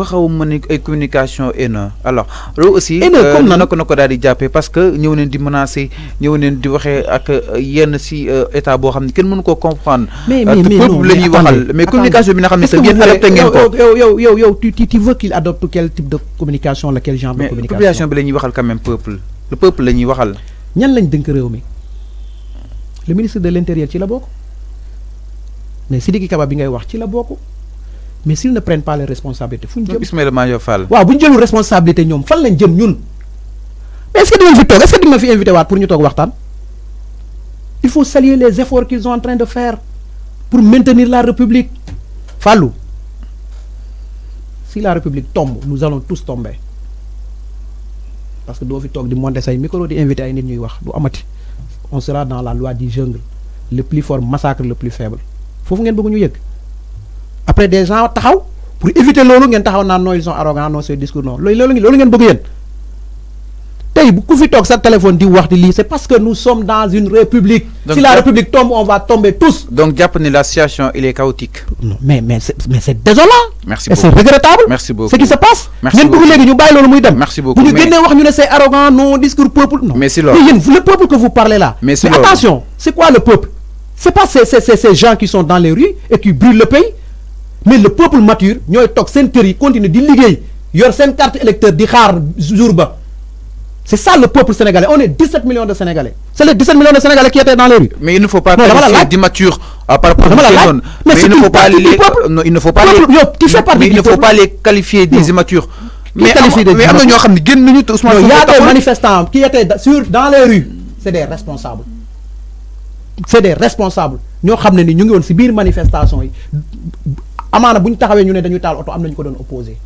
ko xaw ay communication haineux alors ro aussi ene euh, comme na ko na ko daal di jàppee parce que ñëw neen di menacer ñëw neen di waxé ak euh, yenn si euh, état bo xamni ken mënu ko comprendre peuple la ñuy waxal mais communication bi nga xamni sa tam yéen ngeen ko yow yow yow yow tu tu veux qu'il adopte quel type de communication la quel genre de communication population bi lañuy waxal quand même peuple le peuple lañuy waxal ñan lañ dënk réew mi le ministre de l'intérieur ci la bokk mais Sidiki Kaba bi ngay wax ci la bokk mais s'ils ne prennent pas les responsabilités fu ñu ismaël Ismaïla Fall waaw buñu responsabilité ñom fan lañ jëm ñun mais est-ce que nous fi est-ce que fi invité waat pour ñu toog il faut saluer les efforts qu'ils sont en train de faire pour maintenir la République Fallou si la République tombe nous allons tous tomber parce que doo fi toog di monter say micro di invité ay nit ñuy wax du amati on sera dans la loi du jungle le plus fort massacre le plus faible fofu ngeen vous ñu après des gens taxaw pour éviter loolu ngeen taxaw naan non ils sont arrogants non ce discours non loolu loolu loolu ngeen bëgg tay bu ku fi tok sa téléphone di wax di li c'est parce que nous sommes dans une république. si la république tombe on va tomber tous. donc japp ni la situation il est chaotique. non mais mais c'est mais c'est désolant. merci beaucoup c'est regrettable. merci beaucoup ce qui se passe. merci beaucoup ngeen bëgg léegi ñu bay loolu muy dem. merci beaucoup bu ñu génnee wax ñu né c'est arrogant non discours peuple. non mais si loolu le peuple que vous parlez là. mais si mais attention c'est quoi le peuple. c'est pas ces ces ces gens qui sont dans les rues et qui brûlent le pays mais le peuple mature nous tok sen kër continue continuer di liggéey yor sen carte électeur di xaar jour c'est ça le peuple sénégalais on est 17 millions de sénégalais c'est les 17 millions de sénégalais qui étaient dans les rues. mais il ne faut pas d'immatures d'immature ah, par rapport à mais il ne faut pas les il ne faut pas les il ne faut pas les qualifier des immatures. Ah, mais am y a des manifestants qui étaient sur dans les rues c'est des responsables. c'est des responsables Nous xamné pas ni ñu ngi manifestation amaana bu taxawé ñu né dañu taal auto am nañ ko doon opposé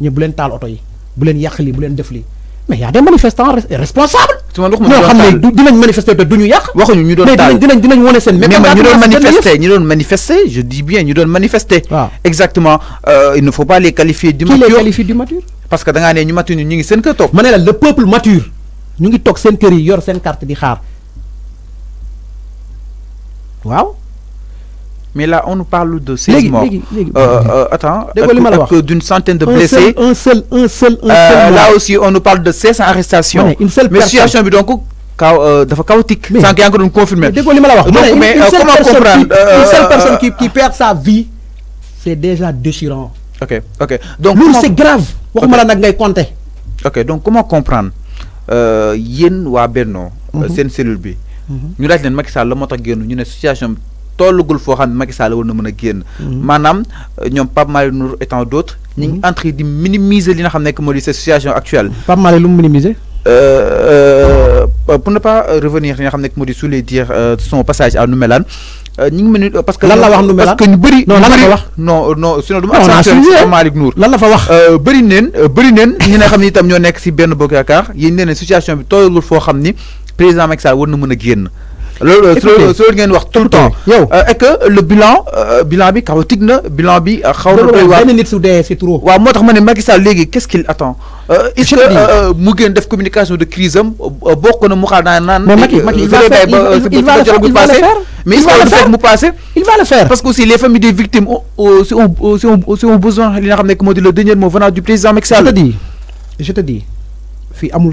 ñu bu leen taal auto yi bu leen yàq lii bu leen def lii mais ya a des manifestants responsables. su ma xam ne dinañ manifester te duñu yak waxu ñu ñu doon taal mais dinañ dinañ woné sen mais ñu doon manifester ñu doon manifester je dis bien ñu doon manifester. exactement euh, il ne faut pas les qualifier du mature qui les qualifie du mature. parce que da nga né ñu matu ñu ngi sen kër tok mané la le peuple mature ñu ngi tok sen kër yi yor sen carte di xaar waaw mais là on nous parle de 16 morts euh, euh, attends d'une centaine de blessés un seul un seul un euh, seul là aussi on nous parle de 16 arrestations une seule mais situation bi donc kaw fa chaotique sànq sans qu'il y ait confirmer déggoo li la donc mais comment comprendre une seule personne qui qui perd sa vie c'est déjà déchirant ok ok donc c'est grave waxuma la nag ngay compter ok donc comment comprendre ou waa Benno une mhm. cellule bi Nous là, c'est Macky Sall la nous tax ñu situation tollugul fo xam Macky Sall war na mën a génn. Mhm. maanaam euh, ñoom Pape Malick Ndour et tant d' autres. ñu ngi mhm. en di minimiser li nga xam nekk moo di situation actuelle. Pape Malick lu minimiser euh euh pour ne pas revenir li nga xam nekk moo sous les dire euh, son passage à Noumélan. Euh, ñu ngi mel parce que lan la wax Noumélan parce que ñu bari non lan la wax non non sinon duma ma. on a Pape hein. Malick Ndour lan la fa wax. euh bari neen bari neen ñi nga xamni tam ñoo nekk ci benn bokk yaakaar yéen nee na situation bi tollugul fo xamni président Macky Sall war na mën a tout le temps. Euh, que le bilan euh, bilan bi bilan bi euh, c'est qu'est-ce qu'il attend. est-ce mu communication de crise il va le faire le le le parce que aussi les familles des victimes besoin le dernier mot venant du président je te dis je te dis amul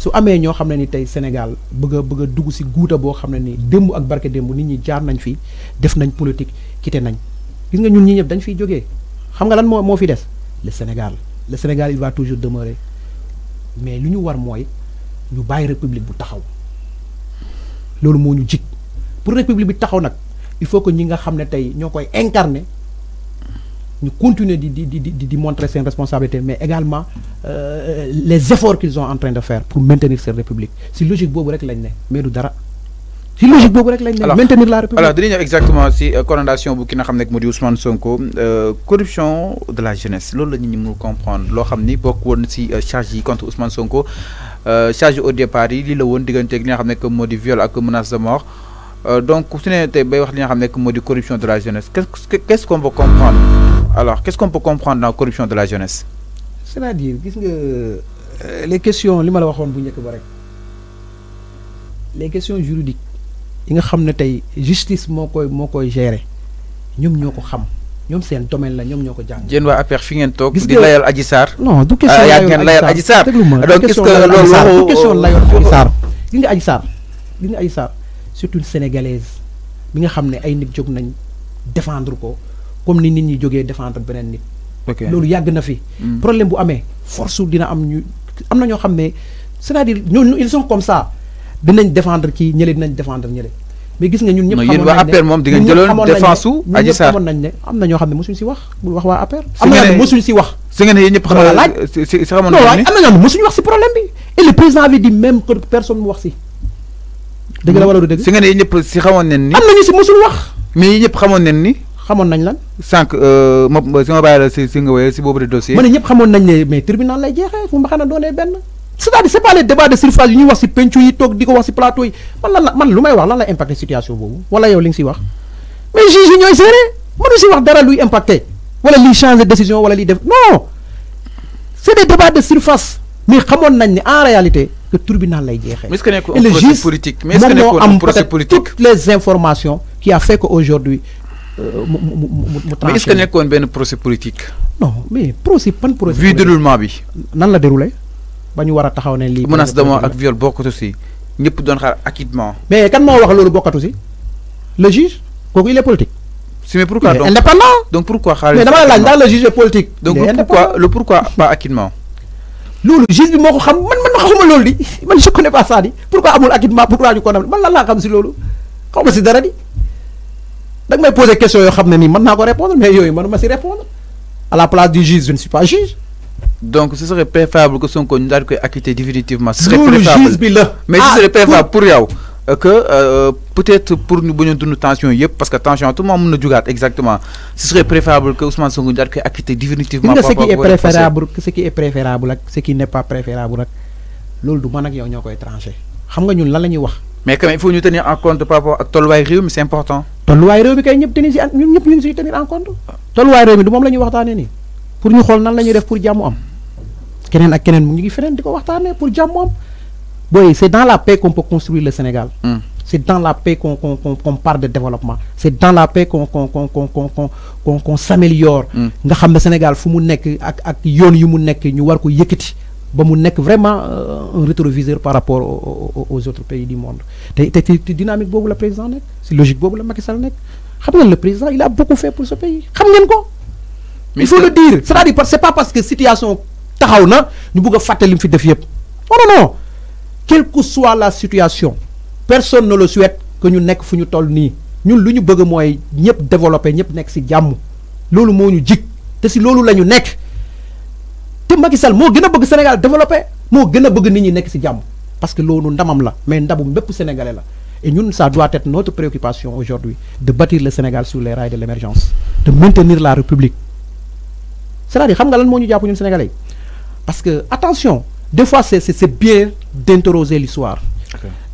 su amee ñoo xam ne ni tey Sénégal bëgg a bëgg dugg si guuta boo xam ne ni démb ak barke démb nit ñi jaar nañ fi def nañ politique quitté nañ gis nga ñun ñi ñëpp dañ fiy jógee xam nga lan moo moo fi des le Sénégal le Sénégal il va toujours demeurer mais lu ñu war mooy ñu bàyyi république bu taxaw loolu moo ñu jig pour république bi taxaw nag il faut que ñi nga xam ne tey ñoo koy incarner Nous continuer de démontrer di montrer mais également euh, les efforts qu'ils sont en train de faire pour maintenir cette république C'est logique boobu rek lañ mais du dara si logique de rek lañ maintenir la république alors dinañu exactement si euh, condamnation bu ki nga xam Ousmane Sonko euh, corruption de la jeunesse c'est ce que ñi comprenons. comprendre loo beaucoup de bokk si charge contre Ousmane Sonko charge au départ yi lii la woon diggante gi nga viol menace de mort donc su ne tey bay wax li nga corruption de la jeunesse qu'est-ce qu'on va comprendre alors, qu'est-ce qu'on peut comprendre dans la corruption de la jeunesse C'est-à-dire, que euh, les questions, les questions juridiques, justice, gérer. juridiques, la questions là, nous questions juridiques, les questions fi ngeen questions di layal Adji non du question ah, les donc ce que Les question layal Adji sénégalaise bi nga ay nit défendre comme ni nit ñi jógee défendre beneen nit. na hmm. problème bu amee force dina am ñu am c'est-à-dire ils sont comme ça dinañ défendre kii ñële dinañ défendre mais gis nga ñun ñëpp xamoon nañ ne moom di défense su Adji Sarr xamoon nañ ne ne wax wax ne wax. problème et le président avait dit même que personne ne yéen ñëpp si ni. am ñu si mosul wax. mais yéen ñëpp xamoon xamone nañ lan. sànq euh, ma si ma bàyyi la si nga wooyee si boobu de dossier. ma ñep xamone xamoon nañ ne mais tribunal lay jeexee fu mu xanaa doonee benn. cest dire c'est pas les débats de surface yu wax ci pencu yi tok di ko wax ci plateau yi man lan la man lu may wax lan la impacté situation bobu wala yow li nga si wax mais juge ñoy ñooy mënu ci wax dara luy impacté wala li changer décision wala li def non c'est des débats de surface mais xamone nañ ne en réalité que tribunal lay jeexee. mais ce que nekkul un procès politique mais ce que nekkul un procès politique toutes les informations qui a fait que aujourd'hui euh, mais est-ce que nekkoon benn procès politique. non mais procès ban procès. vu l'ulma bi. nan la déroulé bañu wara war li menace de ak viol bokkat aussi ñepp doon xar acquittement. mais kan mo wax lolu bokkat aussi le juge kooku il est politique. C'est mais pourquoi donc indépendant. donc pourquoi xaalis mais dama la laaj le juge est politique. donc pourquoi le pourquoi pas acquittement. lolu juge bi moko xam man man xamuma lolu di man je connais pas ça di pourquoi amul acquittement pourquoi ñu condamné man la la xam si lolu xaw ci dara di. Je me pose des questions, vous ne nii pas naa répondre mais ne mënuma si répondre à la place du juge je ne suis pas juge. donc ce serait préférable que son candidat soit acquitté définitivement. ce serait préférable mais ce ah, serait préférable pour yow. Euh, que euh, peut-être pour nous donner a tension parce que tension tout le monde nous na exactement ce serait préférable que Ousmane Sonko ñu définitivement. ce qui est préférable ce qui est préférable ce qui n'est pas préférable ak du man ak yow ñokoy trancher. xam nga ñun lan lañuy wax. mais quand il faut nous tenir en compte par rapport à tolluwaay c'est important tolluwaay réew mi kay ñëpp tenir si ñun ñëpp ñu ngi siy tenir en compte tolluwaay réew mi du moom la ñuy waxtaanee nii pour ñu xool nan la ñuy def pour jàmm am keneen ak keneen mu ngi feneen di ko waxtaanee pour jàmm am booy c' est dans la paix qu'on peut construire le Sénégal. Hmm. c' est dans la paix qu'on qu'on qu'on parle de développement c' est dans la paix qu'on qu'on qu'on qu'on qu'on qu'on s'améliore hmm. nga xam ne Sénégal fu mu nekk ak ak yoon yu mu nekk ñu war ko yëkkati ba mu vraiment euh, un rétroviseur par rapport aux autres pays du monde te te dynamique boobu la président C'est logique boobu la Macky Sall xam le président il a beaucoup fait pour ce pays xam ko. il faut le dire cest à pas parce que situation taxaw na ñu bëgg a fàtte li mu fi def non non non quelle que soit la situation personne ne le souhaite que nous nekk fu ñu toll nous ñun lu ñu bëgg mooy ñëpp développer ñëpp nekk si jàmm loolu moo ñu jig te si loolu la ñu te Macky Sall bëgg Sénégal développé moo gën bëgg nit ñi si parce que loolu ndamam la mais ndabu bépp sénégalais la et ñun ça doit être notre préoccupation aujourd'hui de bâtir le Sénégal sur les rails de l'émergence de maintenir la République c'est-à-dire xam nga lan moo ñu jàpp ñun sénégalais parce que attention des fois c'est c'est bien d'interroger l'histoire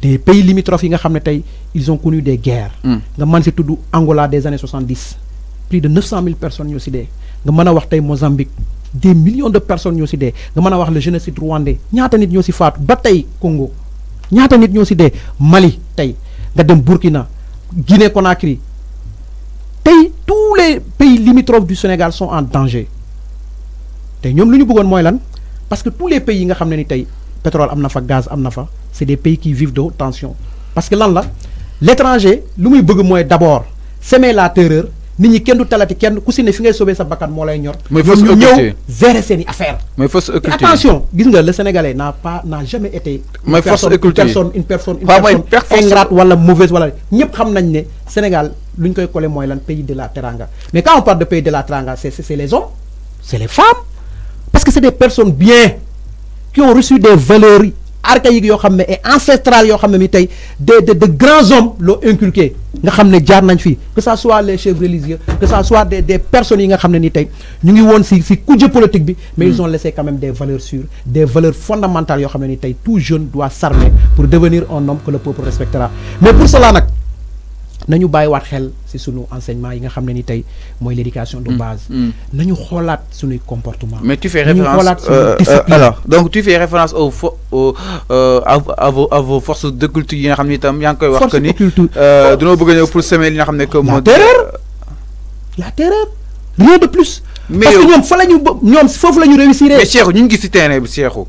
des pays limitrophes yi nga xam ne ils ont connu des guerres mm. nga manger tout tudd Angola des années 70 plus de 900 000 personnes ñoo si dee nga mën wax Mozambique des millions de personnes ñoo si dee nga wax le génocide rwandais ñaata nit ñoo aussi faatu ba Congo ñaata nit ñoo aussi des Mali tay nga dem Burkina Guinée Conakry tay tous les pays limitrophes du Sénégal sont en danger et ñom lu ñu bëggoon parce que tous les pays yi nga xamné ni pétrole amna gaz amnafa, c'est des pays qui vivent de tension parce que lan la l'étranger lu muy bëgg d'abord semer la terreur nit ñi kenn du talati kenn ku si ne fi ngay sauver sa bakkan moo lay ñor. mooy fausse occulté ñëw gérer seen i affaire mooy fausse occulté attention gis nga le sénégalais n'a pas n'a jamais été. mooy fausse occulté personne une personne une personne ingrate wala mauvaise wala ñëpp xam nañ ne Sénégal lu koy collé mooy lan pays de la teranga mais quand on parle de pays de la teranga c'est c'est les hommes c'est les femmes parce que c'est des personnes bien qui ont reçu des valeurs archaïque et ancestral yo xamné mi de grands hommes inculqués. inculqué nga que ça soit les chefs religieux que ça soit des des personnes yi nga été. ni tay ñu ngi politique mais ils hmm. ont laissé quand même des valeurs sûres des valeurs fondamentales tout jeune doit s'armer pour devenir un homme que le peuple respectera mais pour cela nañu bàyyiwaat xel si sunu enseignement yi nga xam ne ni tey mooy l'éducation de mm. base. Mm. nañu xoolaat sunuy comportement. mais tu fais référence euh, euh, alors donc tu fais référence au au euh, à vos à vos forces de culture yi nga xam ne itam yaa ngi koy. wax que ni dañoo bëgg a ñëw pour semer li nga xam ne que. la terreur la terreur rien de plus. mais parce que ñoom fa la ñu ñoom foofu la ñu réussir. mais Cheikhou ñu ngi gis si terrain bi Cheikhou.